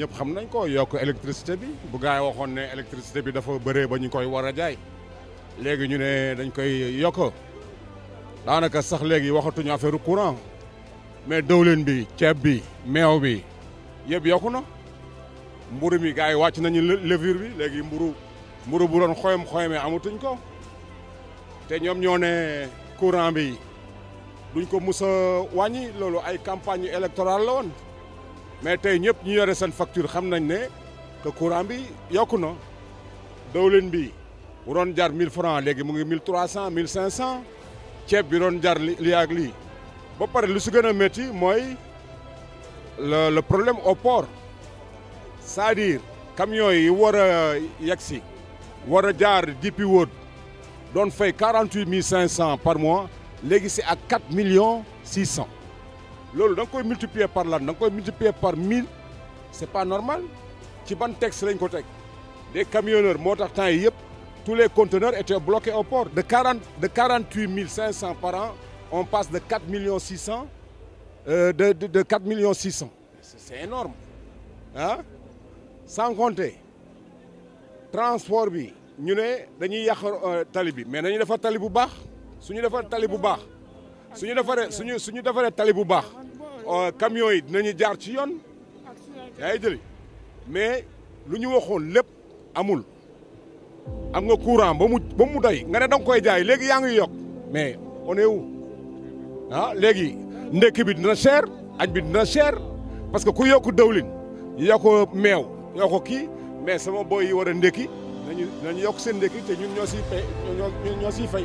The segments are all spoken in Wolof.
ñëpp xam nañ ko yokk électricité bi bu gaa yi waxoon ne électricité bi dafa bëree ba ñu koy war a jaay léegi ñu ne dañ koy yokk daanaka sax léegi waxatuñu affaire courant mais dëwlin bi ceeb bi meew bi yëpp yokku na mburu mi gaa yi wàcc nañu levure bi léegi mburu mburu bu doon xoyam xoyamee amatuñ ko te ñoom ñoo ne courant bi duñ ko mus a wàññi loolu ay campagne électorale la woon mais tay ñep ñu yoré sen facture xam nañ que courant bi yokku dawlen bi bu doon jar 1000 francs légui mu ngi 1300 1500 ceeb bi doon jar li ak li ba paré lu su gëna metti moy le le problème au port c'est-à-dire camion yi wara a wara si war a jaar DP World doon fay 48 500 par mois légui c'est à 4 millions 600 lolu dang koy multiplier par lan dang koy multiplier par 1000 c'est pas normal ci ban texte lañ ko tek des camionneurs motax temps tous les conteneurs étaient bloqués au port de 40 de 48 500 par an on passe de 4 millions 600 euh, de, de, de millions c'est énorme hein sans compter transport bi ñu né dañuy euh, mais dañuy défa tali bu baax suñu défa tali bu baax suñu défa suñu suñu défa tali bu Euh, camions yi dinañu jaar ci yoon yaa jëli mais lu ñu waxoon lépp amul am nga courant ba mu ba mu day nga ne da nga koy jaay léegi yaa ngi yokk mais on est où ah léegi ndekki bi dina cher añ bi dina cher parce que ku yokk dawlin yokk meew yokk kii mais sama boy yi war a ndekki nañu yokk seen ndekki te ñun ñoo siy fay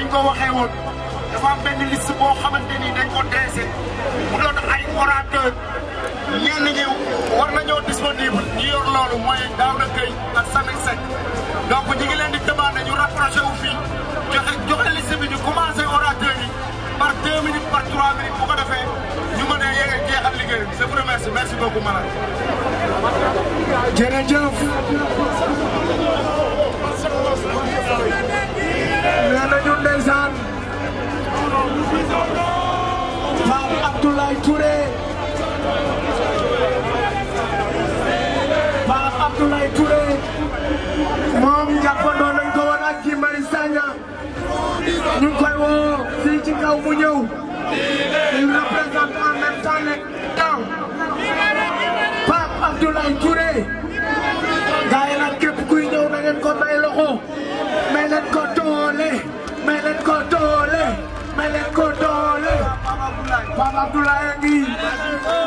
niñ ko waxee woon dafa am benn liste boo xamante ni dañ ko deese mu doon ay orateur ñenn ñi war nañoo disponible ñu yor loolu na kay ak Sami Seck donc ñu ngi leen di demandé ñu rapproché wu fii joxe joxe liste bi ñu commencé orateur yi par deux minutes par trois minutes bu ko defee ñu mën a yegg jeexal liggéey bi je vous remercie merci beaucoup Malal nee a ndeysaan Pape Abdoulaye Touré Pape Abdoulaye moom jàppandoo nañ ko woon ak Guy ñu koy woo ci kaw mu ñëw il représente en même temps les Pape Bapak Abdullah Egi